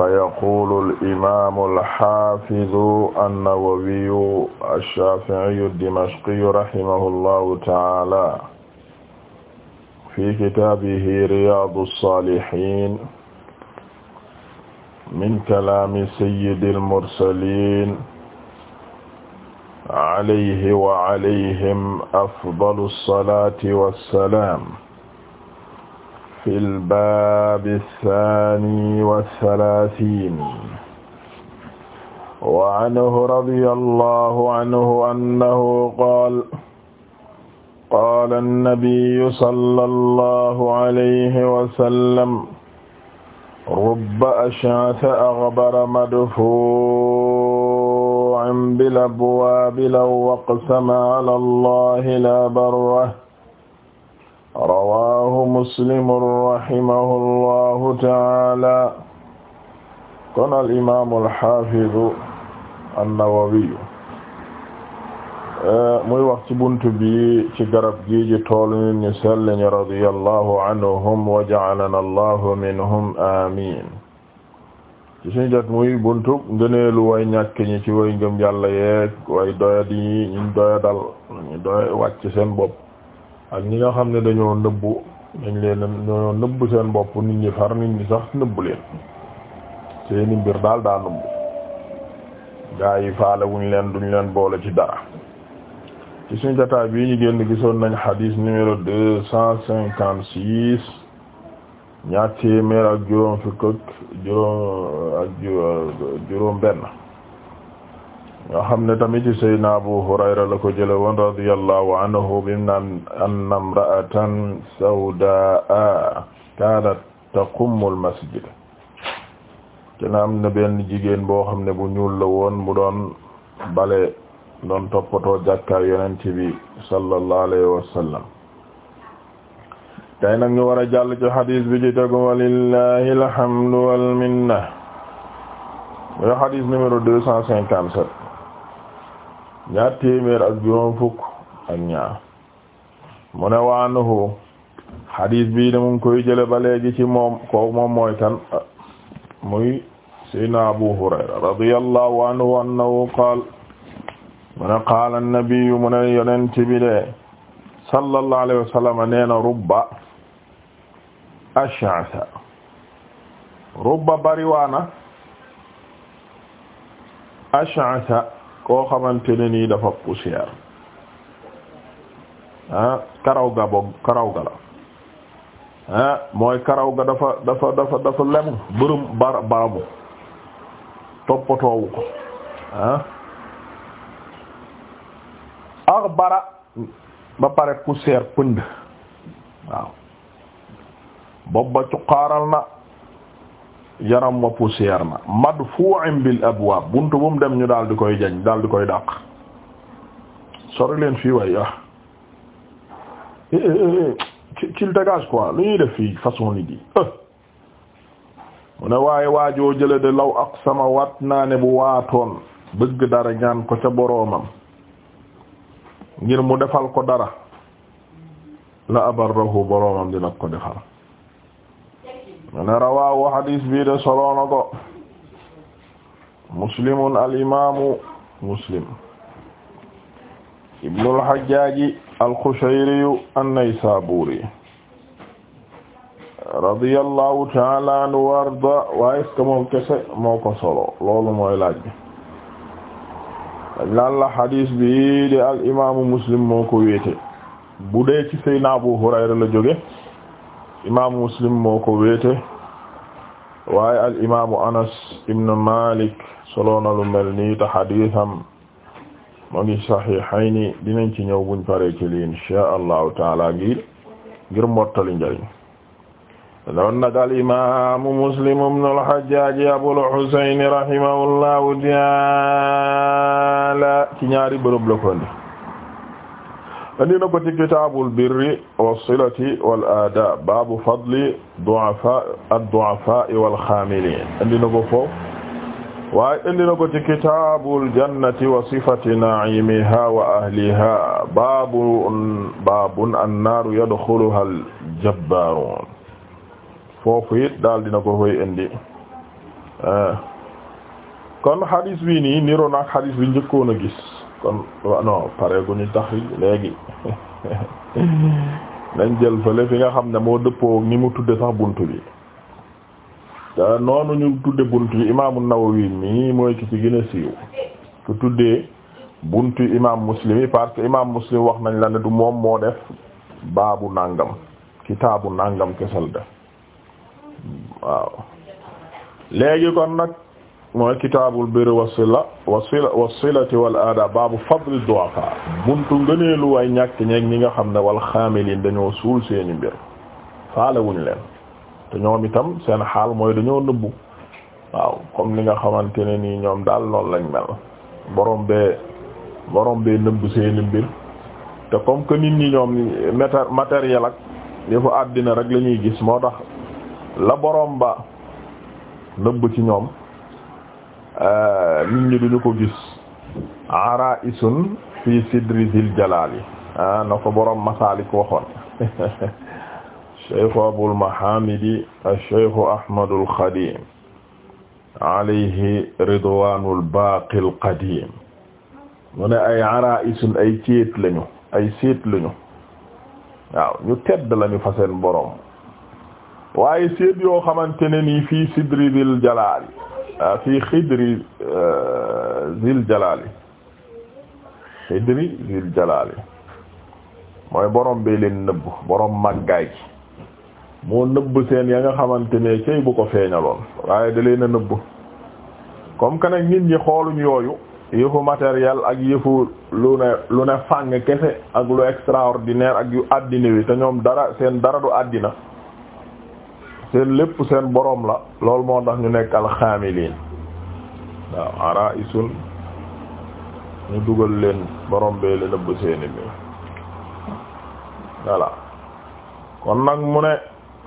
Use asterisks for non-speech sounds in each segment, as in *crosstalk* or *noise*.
فيقول الإمام الحافظ النووي الشافعي الدمشقي رحمه الله تعالى في كتابه رياض الصالحين من كلام سيد المرسلين عليه وعليهم أفضل الصلاة والسلام fi lbaabi saani wasalaasiin wa anhu radiya allahu anhu annahu qaala qaala annabiyyu sallallahu alayhi wa sallam rubba ash'atha aghbara madfuu'in bil abwaabi law aqsama ala allahi la barrahu rawaahu muslimun rahimahullahu taala kon al imaamu alxaafidu annawawiyu eh, muy wax ci buntu bi ci garab gii ji tool nit ñu sell ñi radiyallahu anhum wa ja'alana allahu minhum amiin ci suñu jot muy buntu ngëneelu way ñàkk ñi ci way ngëm yàlla yeeg way doyadi ñi ñu doyadal ñu doy wàcc seen bopp ak ñi nga xam ne dañoo nëbbu dañ leen dañoo nëbbu seen bopp nit ñi far nit ñi sax nëbbu leen seeni mbir daal daa nëbbu gaa yi faale leen duñ leen boole ci dara ci suñu jotaay bii ñu génn gisoon nañ xadiis numéro deux cent cinquante six ñaar téeméer ak juróom fukk ak juróom ak nga xam ne tamit ci sayyidina Abu Hurayra la ko jële woon radiyallahu anhu bi naan anna imra'atan sawdaa kaanat taqummu al-masjid kena am na benn jigéen boo xam ne bu ñuul la woon mu doon bale doon toppatoo jàkkaar yonent bi sallallahu alayhi wa sallam tey nag ñu war a jàll ci xadis bi ci tegu walillahi alhamdu wal minna muy xadis numéro ñaar téeméer ak juróom fukk ak ñaar mu ne waanuhu bii de mu ngi koy jële ba léegi ci moom ko moom mooy muy sayyidina Abu Hurayra radiyallahu anhu annahu qaala mu ne qaala an-nabiyyu mu de sallallahu alayhi wa sallam nee na rubba ash'asa bariwaana ash'asa koo xamante ne nii dafa poussière ah karaw ga boobu karaw ga la ah mooy karaw ga dafa dafa dafa dafa lemu bërëm bar toppatoowu ko ah ar bara ba pare poussière pënd waaw bopp ba cuqaaral na yaram wa poussière fu madfu'in bil abwaab buntu bu mu dem ñu daal di koy jañ daal di koy dàq sori leen fii waay ah qu'il eh, eh, eh, dégage quoi lu ñuy def fii façon nit yi mu ne waaye waajoo jële de law aqsama waat naa ne bu waatoon bëgg dara ñaan ko ca boroomam ngir mu defal ko dara la abarrahu boroomam dina ko defal mu ne rawaahu hadis bi de solo na ko muslimun al imaamu muslim ibnul hajjaaji al qushayriyu an-naysaabuuri radiyallahu ta'ala anhu wa waaye est-ce moo ko solo loolu mooy laaj bi de al imaamu muslim moo ko wéete bu dee ci Seydina Abu Hurayra la jóge imaamu muslim moo ko weete waaye al imaamu anas ibn malik solo na lu mel nii te xadiisam mu ngi saxiixayni dinañ ci ñëw buñ paree ci li insha allahu taala ngir ngir mottali njariñ loon nag al muslim ibn al hajjaaj abul husayn rahimahullahu taala ci ñaari bërëb la ko andi na ko ci kitaabul birri wassilati wal aadaab baabu fadli du'afaa ad-du'afaa wal xaamiliin andi na ko foofu waaye andi na ko ci kitaabul jannati wa sifati na'iimihaa wa ahlihaa eh. kon hadis bi nii niroo naag hadis bi njëkkoon a kon non pare gu ñu tax léegi *laughs* nañ jël fële fi nga xam ne moo dëppoo ni mu tudde sax bunt bi te noonu ñu tudde bunt bi imaamu Nawawi mii mooy ki ci gën a siiw ku tuddee buntu imaam Muslim yi parce imaam Muslim wax nañ la ne du moom moo def baabu nàngam kitaabu nàngam kesal def waaw léegi kon nag mooy kitaabul birri wa sila wa sila wa silati wal aadab baabu fadli du'afa buntu ngëneelu way ñàkk ñeeg ñi nga xam ne wal xaamiliin dañoo suul seeni mbir faale wuñ leen te ñoom itam seeni xaal mooy dañoo nëbbu waaw comme li nga xamante ne nii ñoom daal lool lañ mel boroom bee borom bee nëbbu seeni mbir te comme que nit ñi ñoom matériel ak yëfu àddina rek la ñuy gis moo tax la boroom ba nëbbu ci ñoom. Euh, nit ñi duñu ko gis ara isun fi sidri zil jalali ah na ko borom masalik waxoon *laughs* cheikhu abul mahamidi cheikhu ahmadul xadim alayhi ridwanul baqil qadim mu ay ara isun ay céet lañu ay séet lañu waaw ñu tedd lañu fa borom waaye séet yoo xamante ne nii fii sidri zil jalali Euh, fi xidri euh, zil jalali xidri zil jalali mooy borom bi leen nëbb borom màggaay gi moo nëbb seen ya nga xamante ne bu ko feeñaloon waaye da leen a nëbb comme que nag ñi xooluñ yooyu yëfu matériel ak yëfu lu ne lu ne fàng kese ak lu extraordinaire ak yu àddina wi te ñoom dara seen dara du àddina seen lépp seen borom la loolu moo tax ñu nekk alxaamiliin waaw ara isul ñu dugal leen boroom bee leen nëbb seeni bi voilà kon nag mu ne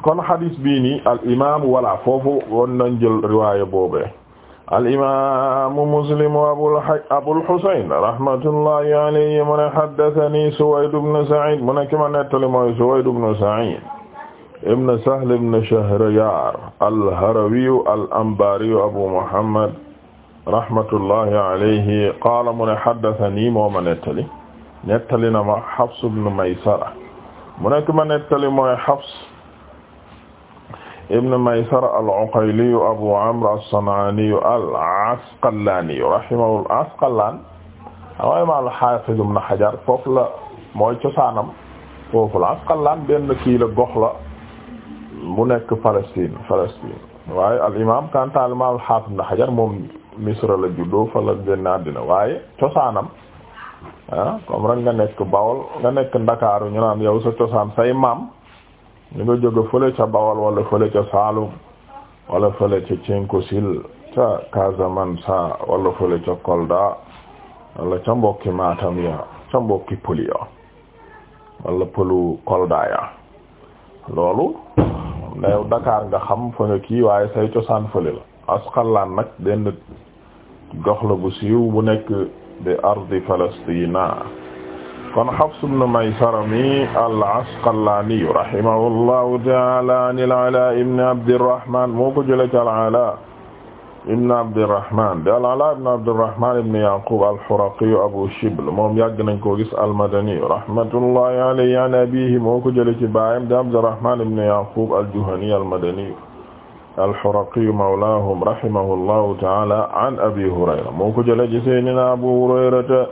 kon xadis bii nii al imaamu wala foofu won nañ jël riwaaya boobee muslim abul abul husayn rahmatullahi alayhi mu ne haddathani suwayd ibn sa'id mu ne ki ma mooy suwayd ibn sa'id ibn Sahl ibn Shahriyar al-Harawiyu al-Anbariyu Abu Muhammad rahmatullahi alayhi qaala mu ne haddathanii moo ma nettali nettali na ma Hafs ibn Maysara mu nekk ma nettali mooy Hafs ibn Maysara al-Uqayliyu Abu Amr as-San'aaniyu al-Asqalaaniyu rahimahu al-Asqalaan waaye ma al-Haafiz ibn Hajar foofu la mooy cosaanam foofu la Asqalaan benn kii la gox la. bu nekk Palestine Palestine waaye al imaam kanta al imaam al moom Misra la juddoo fa la génn àddina waaye cosaanam ah rek nga nekk Bawol nga nekk Ndakaaru ñu naan yow sa cosaan say maam ñu nga jóge fële ca Bawol wala fële ca Saalum wala fële ca Cinkosil ca Casamance wala fële ca Kolda wala ca mbokki Matam ya ca mbokki Pël wala pëlu Kolda ya loolu ne yow Dakar nga xam fa nga kii waaye say cosaan fële la asqalaan nag benn gox la bu siiw bu nekk de ardi Palestina kon Hafs ibn Maysara mi al-Asqalaani rahimahullahu ta'ala an al-Alaa ibn Abdirrahmaan moo ko jëlee ci al-Alaa ibn Abdirrahman de al-Alaa ibn Abdirrahman ibn Yaqub al-Huraqiyu Abu Shibl moom yàgg nañ koo gis al-Madani rahmatullahi alayhi an abiihi moo ko jëlee ci baayam de Abdirrahman ibn Yaqub al-Juhani al-Madani al-Huraqiyu mawlaahum rahimahullahu ta'ala an Abi Hurayra moo ko jëlee ci Seydina Abu Hurayra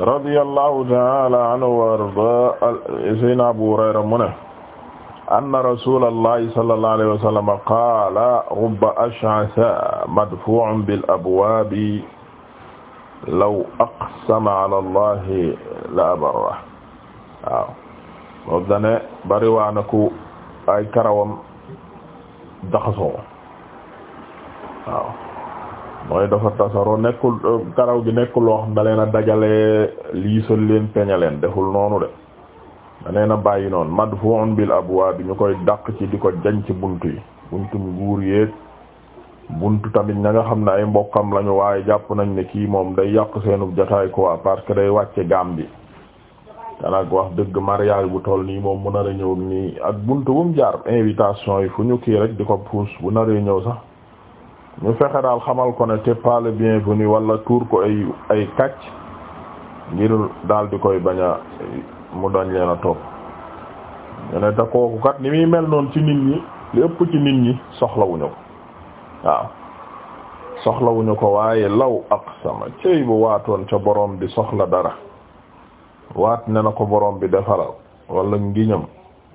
radiyallahu ta'ala anhu wa ardaa Seydina Abu Hurayra mu ne anna rasulallahi sallallahu alayhi wa sallam qaala rubba ash'asa madfu'un bil abwaabi law aqsama ala allahi la abarra waaw loolu dane bariwaana ay karawam jaxasoo waaw mooy dafa tasaroo nekkul karaw gi nekkul da leen a dajale liisal leen peñaleen deful noonu de da nee na bàyyi noonu madfu'un bil abwaab ñu koy dàq ci di ko jañ ci bunt yi buntu nguur yeeg buntu tamit na nga xam ne ay mbokkam lañu waaye jàpp nañ ne kii moom day yàq seenu jotaay quoi parce que day wàcce gaam bi te nag wax dëgg mariage bu tool nii moom mu nar a ñëw nii ak buntu bu mu jaar invitation yi fu ñu kii rek di ko puus bu naree ñëw sax ñu fexe daal xamal ko ne te pas le bienvenu wala tuur ko ay ay kàcc ngir daal di koy baña mu dañ leen a topp ñu ne te kooku kat ni muy mel noon ci nit ñi li ëpp ci nit ñi soxlawuñu ko waaw soxlawuñu ko waaye law aqsama cëy bu waatoon ca borom bi soxla dara waat ne na ko borom bi defalal wala ngiñam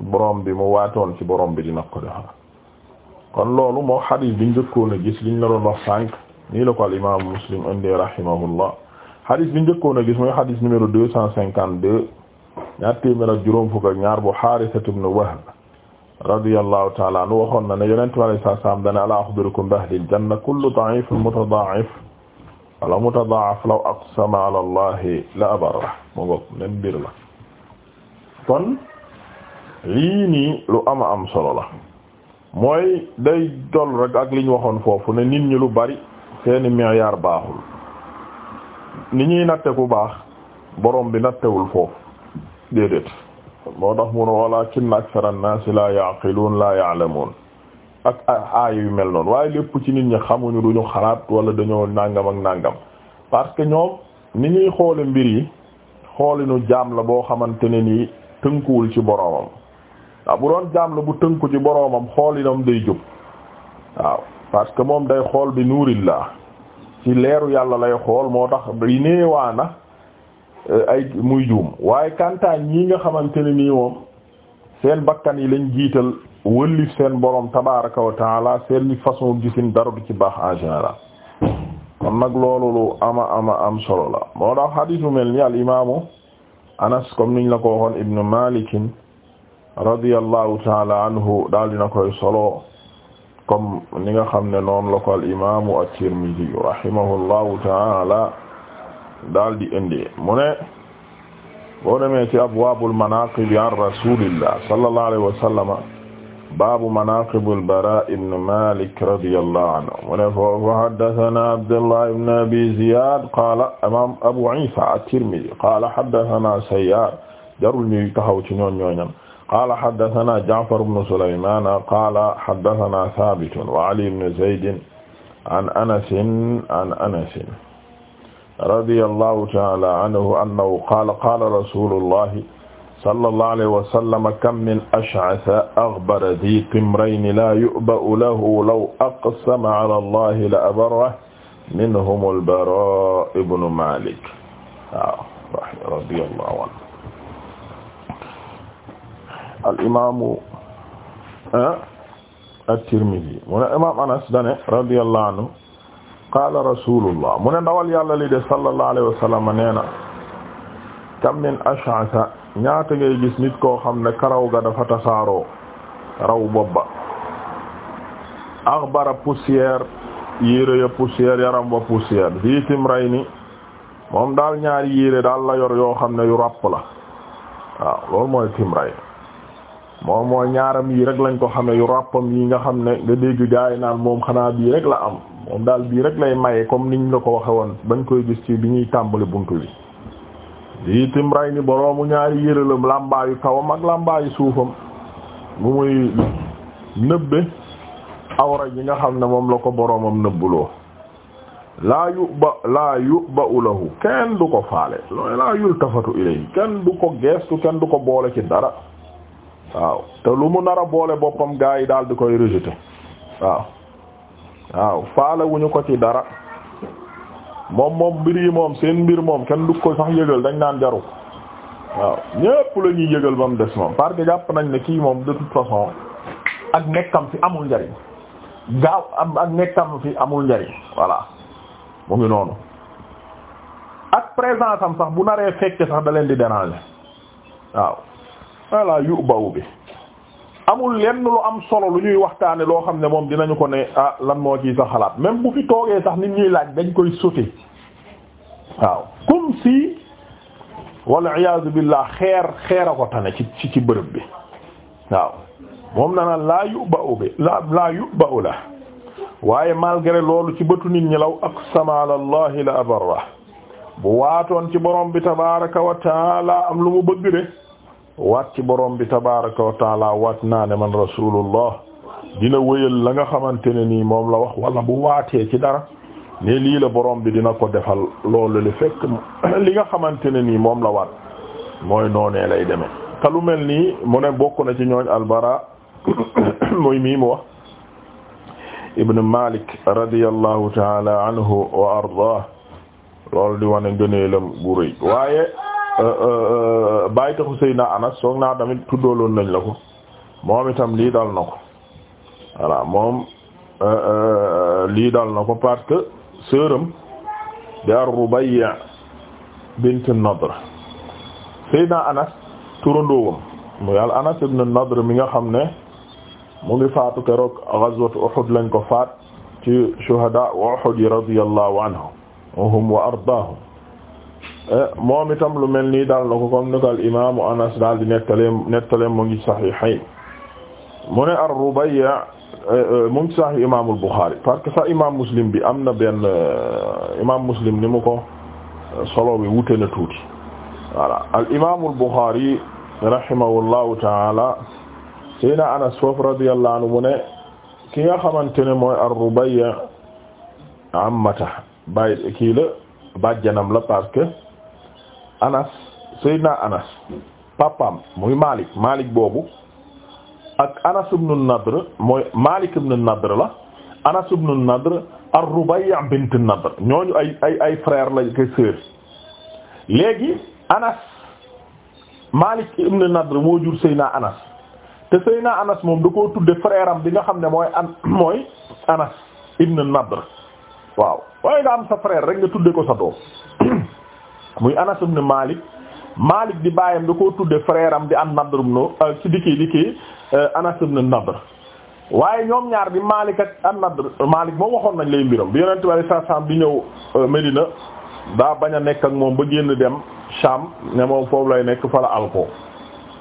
borom bi mu waatoon ci borom bi dina ko defal kon loolu moo xadiis bi njëkkoon a gis liñ la doon wax sànq nii la ko al imaamu muslim indi rahimahullah xadiis bi njëkkoon a gis mooy xadiis numéro deux cent cinquante deux ñaar téeméer juróom fukk ak ñaar bu Haarisatu ibn Wahb radiyallahu ta'ala anhu waxoon na ne yonent bi alayhi salaam dana alaa ukhbirukum bi ahlil janna kullu da'ifin mutada'if wala mutada'af law aqsama ala Allahi la abarra mu nen mbir kon lii lu ama am solo la mooy day dol rek ak liñ waxoon foofu ne nit ñi lu bari seeni meeyaar baaxul ni ñuy natte ku baax borom bi nattewul foofu déedéet moo tax mu ne walaakinna aksara an-naasi laa ya'qiluun laa ya'lamuun ak aaya yu mel noonu waaye lépp ci nit ñi xamuñu ñu xalaat wala dañoo nàngam ak nàngam parce que ñoom ni ñuy xoole mbir yi xoolinu jaam la boo xamante ne nii tënkuwul ci boroomam waaw bu doon jaam la bu tënku ci boroomam xoolinam day jub waaw parce que moom day xool bi nuurillah ci leeru yàlla lay xool moo tax day néewaana Euh, ay muy waaye kantaan ñi nga xamante ne nii moom seen bakkan yi lañ jiital wëllif seen borom tabaraka wa taala seen façon gisin dara du ci baax en général kon nag loolu lu ama ama am solo la moo tax hadis bu mel ni al imaamu anas comme niñ la ko waxoon ibnu malikin radiyallahu taala anhu daal dina koy solo comme ni nga xam ne noonu la ko al imaamu at-Tirmidhi rahimahullahu taala daal di indi mu ne boo demee ci abwaabul manaaqib an rasulillah sallallahu alayhi wa sallama baabu manaaqibul baraa ibn malik radiyallahu anhu mu ne foofu haddathana abdullah ibn abi ziyad qaala imaam abu isa at-tirmidhi qaala haddathana sayyar jarul ñuy taxaw ci ñoon ñooñan qaala haddathana ja'far ibn sulayman qaala haddathana thabit wa ali ibn zayd an anasin an anasin radiyallahu ta'ala anhu annahu qaala qaala rasulullahi sallallahu alayhi wa sallam kam min ash'atha aghbara dhi timrayni la yu'ba'u lahu law aqsama ala allahi la abarrahu minhum al-Baraa ibnu Maalik waaw radiyallahu anhu al-imaamu ah, at-Tirmidhi mu ne imaam Anas dane radiyallahu anhu qaala rasulullah mu ne ndawal yàlla lii de sallallahu alayhi wa sallam nee na kam min ash'asa ñaata ngay gis nit koo xam ne karaw ga dafa tasaaroo raw bobba axbara poussière yére ya poussière yaram wa poussière fii timrayni moom daal ñaar yére daal la yor yoo xam ne yu ràpp la waaw loolu mooy timray moom mooy ñaaram yi rek lañ ko xamee yu ràppam yi nga xam ne nga dégg gaay naan moom xanaa bii rek la am moom daal bii rek lay maye comme niñ la ko waxe woon bañ koy gis ci bi ñuy tàmbali bunt bi lii timray ni boroomu ñaari yëralam làmbaayu kawam ak làmbaayu suufam bu muy nëbbe awra yi nga xam ne moom la ko boroomam nëbbuloo laa yu ba laa yu ba ulahu kenn du ko faale looy laa yultafatu ilay kenn du ko geestu kenn du ko boole ci dara waaw te lu mu nar boole boppam gaa yi daal di koy rejeté waaw waaw faala wuñu ko ci dara moom moom mbir yi moom seen mbir moom kenn du ko sax yëgal dañ naan jaru waaw ñépp la ñuy yëgal ba mu des moom parce que jàpp nañ ne kii moom de toute façon ak nekkam fi amul njariñ gaaw am ak nekkam fi amul njariñ voilà mu ngi noonu ak présence am sax bu naree fekke sax da leen di déranger waaw voilà yu baw bi amul lenn lu am solo lu ñuy waxtaane loo xam ne moom dinañu ko ne ah lan moo ciy sa xalaat même bu fi toogee sax nit ñuy laaj dañ koy sauter waaw comme si wal iyaazu billah xeer xeer a ko tane ci ci ci bërëb bi waaw moom na naan laa yu ba u bi la laa yu ba u la waaye malgré loolu ci bëtu nit ñi law aqsama ala allahi la abarra bu waatoon ci borom bi tabaraka wa taala am lu mu bëgg de waat ci borom bi tabaraka wa taala naa ne man rasulullah dina wéyal la nga xamante ne nii moom la wax wala bu waatee ci dara ne lii la borom bi dina ko defal loolu li fekk li nga xamante ne nii moom la waat mooy noonee lay demee te lu mel nii mu ne bokk na ci ñooñ albara *coughs* moy mii mu wax ibn malik radiyallahu taala anhu wa ardah loolu di wane gëneelam bu waaye Euh, euh, euh, bàyyi taxu Seydina Anas soog naa tamit tuddooloon nañ la ko moom itam lii dal na ko voilà moom lii dal na ko parce que sœuram di ar-Rubayya bint an-Nadr Seydina Anas turandoowam mu yàlla Anas ibn an-Nadr mi nga xam ne mu ngi faatu keroog ghazwat Uhud lañ ko faat ci shuhada wa Uhud yi radiyallahu anhum wa ardaahum Eh, moom itam lu mel nii daal na ko comme al imaamu Anas daal di nettaleem nettaleem mu ngi saxiixayn mu ne ar-Rubayya eh, eh, mu Buxaari parce que imaam Muslim bi am na benn imaam Muslim ni mu ko wute na tuuti voilà al imaamul Buxaari Anas foofu radiyallahu anhu mu ne ki nga xamante ne mooy ar-Rubayya amata la bàjjanam anas sayyidina anas papam muy malik malik boobu ak anas ibn nadr mooy malik ibn nadr la anas ibn nadr ar-rubay' bint nadr ñooñu ay ay ay frère la ko sœur léegi anas malik ibn nadr moo jur sayyidina anas te sayyidina anas moom da koo tudde frère bi nga xam ne mooy mooy anas ibn nadr waaw waaye nga am sa frère rek nga tudde ko sa doom muy Anas ibn Malik Malik di baayam da koo tudde frère am di an Nadr ibn euh, ci di kii di kii euh, Nadr waaye ñoom ñaar bi Malik ak an Nadr Malik moom waxoon nañ lay mbiram bi Yonent bi sallallahu alayhi wasallam di ñëw euh, Medina daa bañ a nekk ak moom ba génn dem Sham ne moom foofu lay nekk fala alko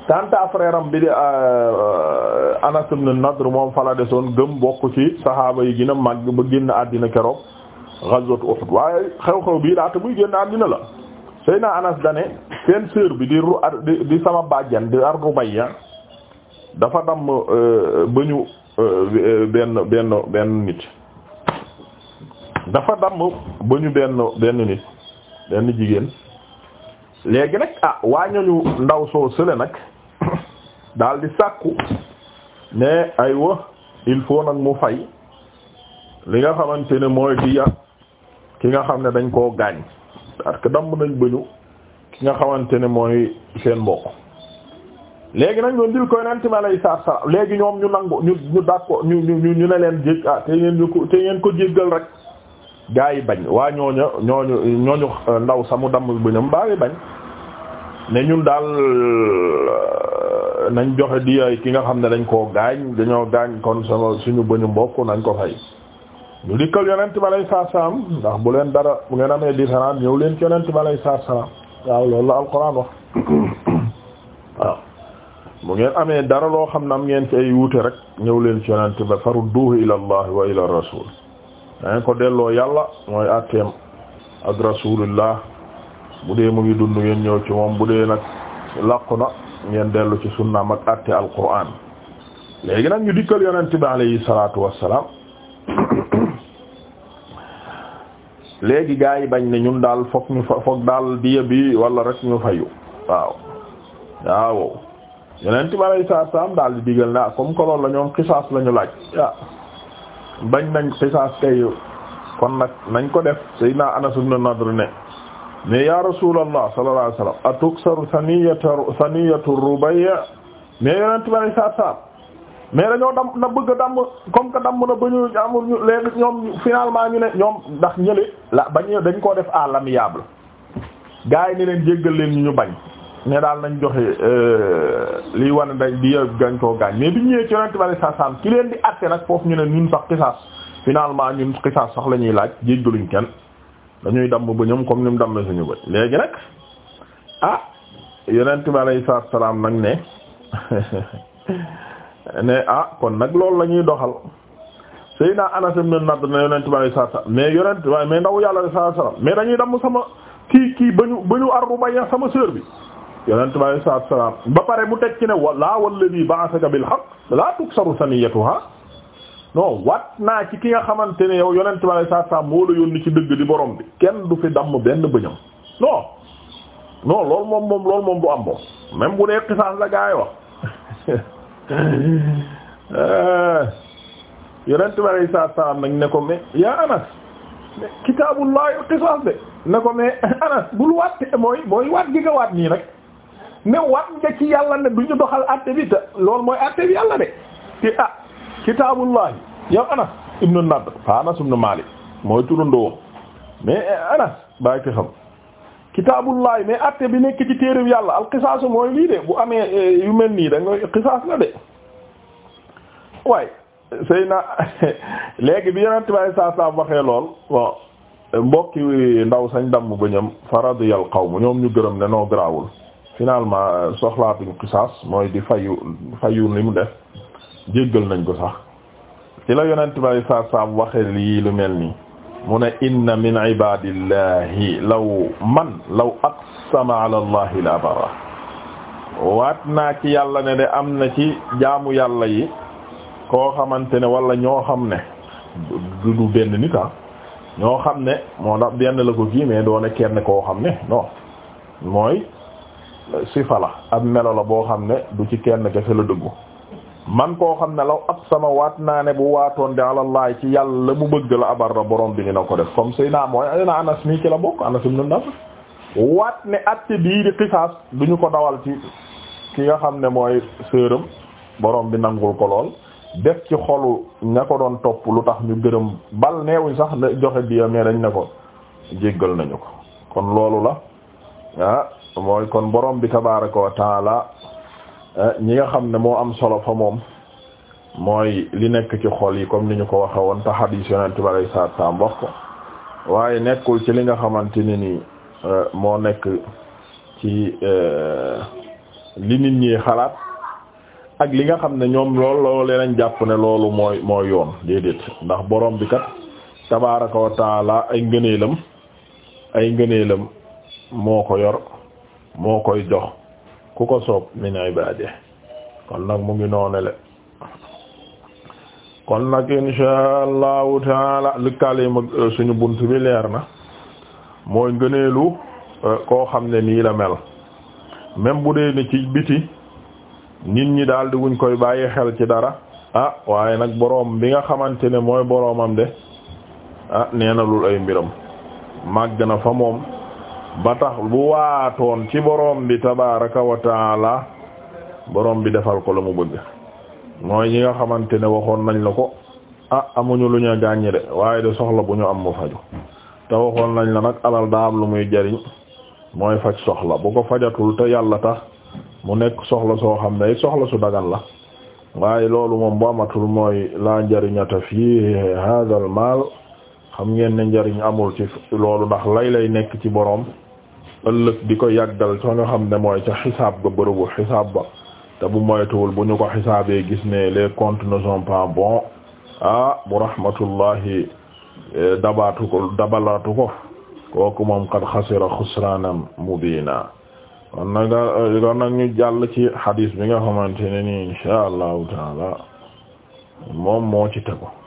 kanta frère am bi di Anas ibn Nadr moom fala desoon gëm bokk ci saxaaba yi gën a ba génn àddina keroog ghazwat Uhud waaye xew-xew bii laata muy génn àddina la Seyna Anas dane seen sœur bi di ru di sama bàjjan di ar Rubayya dafa damm euh, bëñu euh, benn benn benn damm bëñu benn benn nit benn jigéen léegi nag ah waa ndaw soo sële nag *coughs* daal di sàkku ne aywa il faut nag mu fay li nga xamante ne mooy diya ki nga xam ne dañ koo gaañ parce que damb nañ bëñu ki nga xawante ne mooy seen mbokk léegi nag ñun dil koy nanti ma lay saar sara léegi ñoom ñu nangu ñu ñu ñu ñu ne leen jég ah te ngeen ñu ko ngeen ko jéggal rek gaa yi bañ waa ñooñu ñooñu ñooñu ndaw samu damm bëñam baa ngi bañ ne ñun daal euh, nañ joxe di ay ki nga xam ne dañ koo gaañ dañoo gaañ kon suñu bëñu mbokk nañ ko fay ñu dikkal yonent bi alayhi salaam ndax bu leen dara bu ngeen amee différence ñëw leen ci yonent bi alayhi salaatu salaam waaw loolu la alxuraan wax *coughs* waaw bu ngeen amee dara loo xam ne ngeen ci ay wuute rek ñëw leen ci yonent ba farudduhu ila allah wa ila rasul dangeen ko delloo yàlla mooy atteem ak rasulullah bu dee mu ngi dund ngeen ñëw ci moom bu dee nag làqu na ngeen dellu ci sunnaam ak atte alquran léegi nag ñu dikkal yonent bi alayhi salaatu léegi gaa yi bañ ne ñun daal fokk ñu fa fokk daal diya bi wala rek ñu fayu waaw waaw yeneen ci daal di digal naa ah, comme que loolu la ñoom xisaas la ñu laaj ah bañ nañ xisaas kay kon nag nañ ko def Seydina Anas ibn Nadr ne mais ya Rasulallah sallallahu alayhi wasallam atuksaru saniyatu saniyatu mais yeneen ci balay mais dañoo dam na bëgg a damm comme que damm na ba ñu amul ñu léegi ñoom finalement ñu ne ñoom ndax ñële la bañ dañ koo def à l'amiable gars yi ni leen jéggal leen ñu ñu bañ ne daal nañ joxe euh, liy wane dañ di gañ koo gaañ mais biñ ñëwee ci yonent bari sasam ki leen di atte nag foofu ñu ne ñun sax xisaas finalement ñu xisaas sax la ñuy laaj jéggaluñ kenn dañuy damm ba ñoom comme ni mu dammee suñu bëñ léegi nag ah yonent bi alayhi salaam nag ne *laughs* ne ah kon nag loolu la ñuy doxal Seydina Anas ibn Nadr na yonent bi alayhi salaam mais yonent waaye mais ndaw yàlla alayhi salaam mais dañuy damm sama kii kii ba ñu ba ñu ar bu bañ sama sœur bi yonent bi alayhi salaam ba pare mu teg ci ne wala walladhi ba'athaka bil haqq la tuksaru saniyatuha non wat naa ci ki nga xamante ne yow yonent bi alayhi salaam moo la yónni ci dëgg di borom bi kenn du fi damm benn bëñam non non loolu moom moom loolu moom du am moom même bu dee xisaas la gaay wa *laughs* Eh, yonent bi alayhi salaatu salaam nag ne ko mais yaa Anas kitaabullahi al-qisaas de ne ko mais *laughs* Anas bul waat mooy mooy waat gi nga waat nii rek ne waat nga ci yàlla ne du ñu doxal àtte bi te loolu mooy àtte bi yàlla de te ah kitaabullahi yow Anas ibnu Nadr fa Anas ibnu Maalik mooy turandoo mais eh, Anas bàyyi ko xam. kitaabullahi mais atte bi nekk ci téerew yàlla al qisaas mooy lii de bu amee eh, yu mel nii da nga qisaas la de waaye sëy na *laughs* léegi bi yonent bi saa saa waxee lool bon mbokki ndaw sañ damm bëñam faradiyal qawm ñoom ñu gërëm ne noo garaawul finalement euh, soxlaatuñ qisaas mooy di fayu fayu li mu def jéggal nañ ko sax ci la yonent bi saa saa waxee lii lu mel nii mu ne inna min ibadillahi law man law aqsama ala allahi la bara waat naa ci yàlla ne de am na ci jaamu yàlla yi koo xamante ne wala ñoo xam ne du du benn nit ah ñoo xam ne moo tax benn la ko kii mais doone kenn koo xam ne non mooy sifa la ab melo la boo xam ne du ci kenn kese la dëggu man koo xam ne law ab sama waat naa ne bu waatoon di alallaay ci yàlla mu bëgg la abarra borom bi na ko def comme sëy naa mooy na anas mii ci la bokk anas ibn Nadr waat ne atte bii di xisaas du ñu ko dawal ci ki nga xam ne mooy sërëm borom bi nangul ko lool def ci xolu ña ko doon topp lu tax ñu gërëm bal neewuñ sax la joxe diya mais dañ ne ko jéggal nañu ko kon loolu la ah mooy kon borom bi tabaaraka wa taala Eh, ñi nga xam ne moo am solo fa moom mooy li nekk ci xol yi comme ni ñu ko waxe woon te xadiis yonent bi alayhi salaatu salaam wax ko waaye nekkul ci li nga xamante ne nii eh, moo nekk ci eh, li nit ñi xalaat ak li nga xam ne ñoom lool loolu lañ jàpp ne loolu mooy mooy yoon déedéet ndax boroom bi kat tabaaraka wa taala ay ngëneelam ay ngëneelam moo ko yor moo koy jox ku ko soob min ibadihi kon nag mu ngi noonele kon nag insha allahu taala lëkkaale mag euh, suñu bunt bi leer na mooy ngëneelu euh, koo xam ne nii la mel même bu dee ni ci biti nit ñi daal di wuñ koy bàyyi xel ci dara ah waaye nag boroom bi nga xamante ne mooy boroomam de ah nee lul ay mbiram màgg na fa moom ba tax bu waatoon ci borom bi tabaraka wa taala borom bi defal ko la mu bëgg mooy ñi nga xamante ne waxoon nañ la ko ah amuñu lu ñu gàññi de waaye de soxla bu ñu am mu faju te waxoon nañ la nag alal daa am lu muy jariñ mooy faj soxla bu ko fajatul te yàlla tax mu nekk soxla soo xam ne soxla su dagan la waaye loolu moom bu amatul mooy laa njariñata fii hadal maal xam ngeen ne njariñ amul ci loolu ndax lay lay nekk ci boroom ëllëg di ko yàggal soo nga xam ne mooy ca xisaab ba bërëbu xisaab ba te bu moytuwul bu ñu ko xisaabee gis ne les comptes ne sont pas bons ah bu rahmatullahi eh, dabaatu ko dabalaatu ko kooku moom qad xasira xusraanan mubiina kon nag eh, kon nag ñu jàll ci xadiis bi nga xamante ne nii insha allahu taala moom moo ci tegu